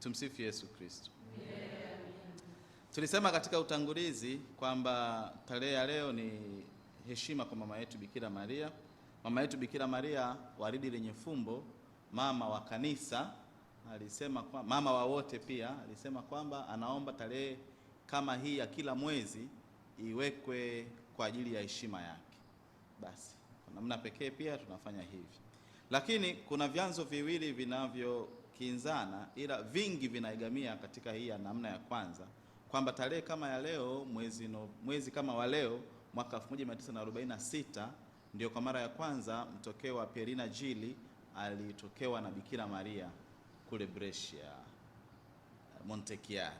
Tumsifu Yesu Kristo. Tulisema katika utangulizi kwamba tarehe ya leo ni heshima kwa mama yetu Bikira Maria. Mama yetu Bikira Maria, waridi lenye fumbo, mama wa kanisa, alisema kwa, mama wa wote pia alisema kwamba anaomba tarehe kama hii ya kila mwezi iwekwe kwa ajili ya heshima yake. Basi kwa namna pekee pia tunafanya hivi, lakini kuna vyanzo viwili vinavyo vinakinzana, ila vingi vinaigamia katika hii ya namna ya kwanza kwamba tarehe kama ya leo mwezi, no, mwezi kama wa leo mwaka 1946 ndio kwa mara ya kwanza mtokeo wa Pierina Gili alitokewa na Bikira Maria kule Brescia Montechiari,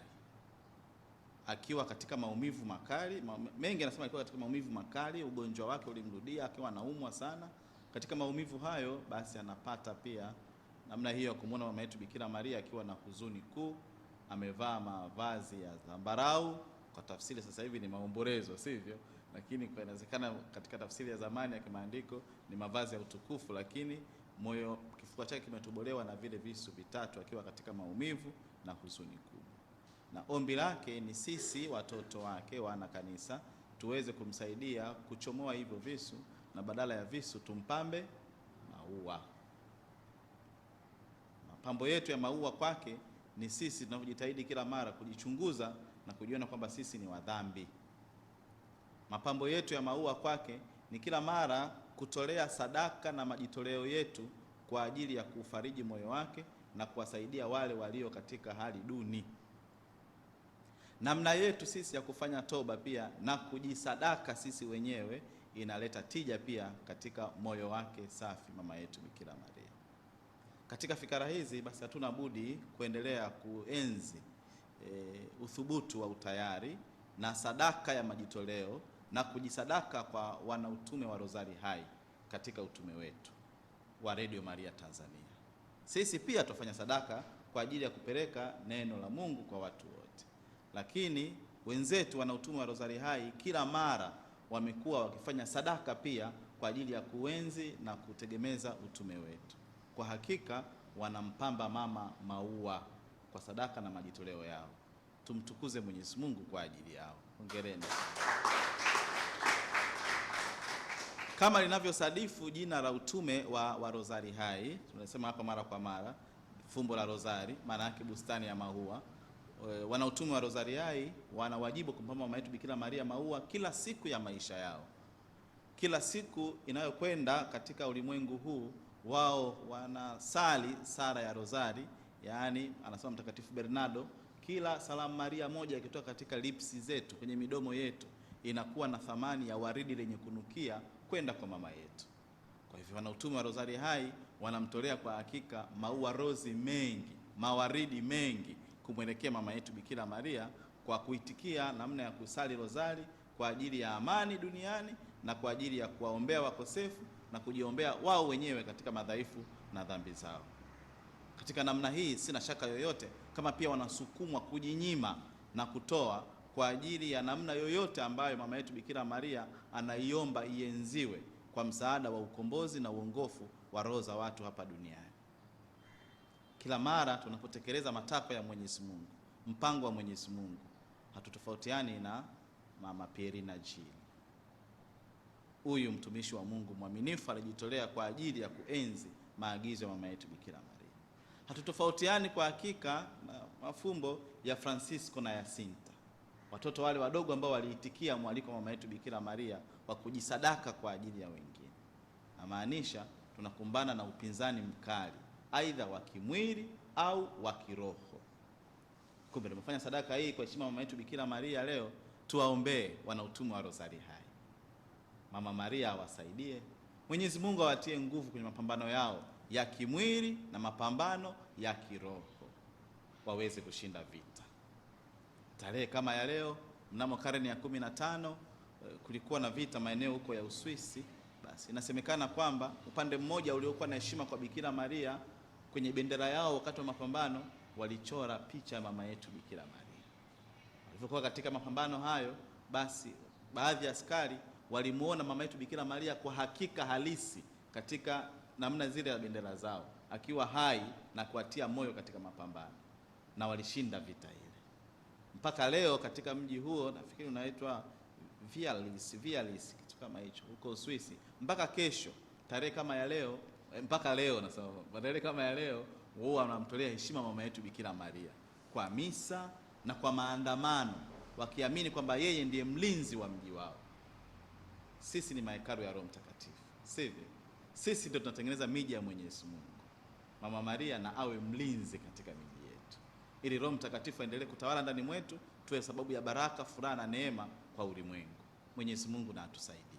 akiwa katika maumivu makali mengi. Anasema alikuwa katika maumivu makali, ugonjwa wake ulimrudia akiwa anaumwa sana. Katika maumivu hayo, basi anapata pia namna hiyo ya kumwona mama yetu Bikira Maria akiwa na huzuni kuu, amevaa mavazi ya zambarau. Kwa tafsiri sasa hivi ni maombolezo, sivyo? Lakini kwa inawezekana katika tafsiri ya zamani ya kimaandiko ni mavazi ya utukufu, lakini moyo, kifua chake kimetobolewa na vile visu vitatu, akiwa katika maumivu na huzuni kubwa. Na ombi lake ni sisi watoto wake, wana kanisa, tuweze kumsaidia kuchomoa hivyo visu na badala ya visu tumpambe maua mapambo yetu ya maua kwake ni sisi tunavyojitahidi kila mara kujichunguza na kujiona kwamba sisi ni wadhambi. Mapambo yetu ya maua kwake ni kila mara kutolea sadaka na majitoleo yetu kwa ajili ya kuufariji moyo wake na kuwasaidia wale walio katika hali duni. Namna yetu sisi ya kufanya toba pia na kujisadaka sisi wenyewe inaleta tija pia katika moyo wake safi mama yetu Bikira Maria. Katika fikara hizi basi hatuna budi kuendelea kuenzi e, uthubutu wa utayari na sadaka ya majitoleo na kujisadaka kwa wanautume wa Rozari Hai katika utume wetu wa Radio Maria Tanzania. Sisi pia tufanya sadaka kwa ajili ya kupeleka neno la Mungu kwa watu wote, lakini wenzetu wanautume wa Rozari Hai kila mara wamekuwa wakifanya sadaka pia kwa ajili ya kuenzi na kutegemeza utume wetu kwa hakika wanampamba mama maua kwa sadaka na majitoleo yao. Tumtukuze Mwenyezi Mungu kwa ajili yao. Hongereni. Kama linavyosadifu jina la utume wa, wa Rozari Hai, tunasema hapa mara kwa mara fumbo la Rozari, maana yake bustani ya maua. E, wana utume wa Rozari Hai wana wajibu kumpamba mama yetu Bikira Maria maua kila siku ya maisha yao, kila siku inayokwenda katika ulimwengu huu wao wanasali sala ya rozari, yaani anasema Mtakatifu Bernardo, kila salamu Maria moja ikitoka katika lipsi zetu, kwenye midomo yetu, inakuwa na thamani ya waridi lenye kunukia kwenda kwa mama yetu. Kwa hivyo wana utume wa rozari hai wanamtolea kwa hakika maua rozi mengi, mawaridi mengi, kumwelekea mama yetu Bikira Maria kwa kuitikia namna ya kusali rozari kwa ajili ya amani duniani na kwa ajili ya kuwaombea wakosefu na kujiombea wao wenyewe katika madhaifu na dhambi zao. Katika namna hii sina shaka yoyote kama pia wanasukumwa kujinyima na kutoa kwa ajili ya namna yoyote ambayo mama yetu Bikira Maria anaiomba ienziwe kwa msaada wa ukombozi na uongofu wa roho za watu hapa duniani. Kila mara tunapotekeleza matakwa ya Mwenyezi Mungu, mpango wa Mwenyezi Mungu, hatutofautiani na mama Pierina Gili huyu mtumishi wa Mungu mwaminifu alijitolea kwa ajili ya kuenzi maagizo ya mama yetu Bikira Maria. Hatutofautiani kwa hakika na mafumbo ya Francisco na Yasinta, watoto wale wadogo ambao waliitikia mwaliko wa mama yetu Bikira Maria wa kujisadaka kwa ajili ya wengine. Namaanisha tunakumbana na upinzani mkali, aidha wa kimwili au wa kiroho. Kumbe tumefanya sadaka hii kwa heshima mama yetu Bikira Maria. Leo tuwaombee wanautumwa wa Rosari hai. Mama Maria awasaidie, Mwenyezi Mungu awatie nguvu kwenye mapambano yao ya kimwili na mapambano ya kiroho, waweze kushinda vita. Tarehe kama ya leo mnamo karne ya kumi na tano eh, kulikuwa na vita maeneo huko ya Uswisi. Basi inasemekana kwamba upande mmoja uliokuwa na heshima kwa Bikira Maria kwenye bendera yao wakati wa mapambano walichora picha ya mama yetu Bikira Maria. Walivyokuwa katika mapambano hayo, basi baadhi ya askari walimwona mama yetu Bikira Maria kwa hakika halisi katika namna zile za bendera zao akiwa hai na kuatia moyo katika mapambano, na walishinda vita ile. Mpaka leo katika mji huo nafikiri unaitwa Vialis, Vialis kitu kama hicho huko Uswisi, mpaka kesho tarehe kama ya leo, eh, mpaka leo sababu tarehe kama ya leo, huwa wanamtolea heshima mama yetu Bikira Maria kwa misa na kwa maandamano, wakiamini kwamba yeye ndiye mlinzi wa mji wao. Sisi ni mahekalu ya Roho Mtakatifu, sivyo? Sisi ndio tunatengeneza miji ya Mwenyezi Mungu. Mama Maria na awe mlinzi katika miji yetu, ili Roho Mtakatifu aendelee kutawala ndani mwetu, tuwe sababu ya baraka, furaha na neema kwa ulimwengu. Mwenyezi Mungu na atusaidie.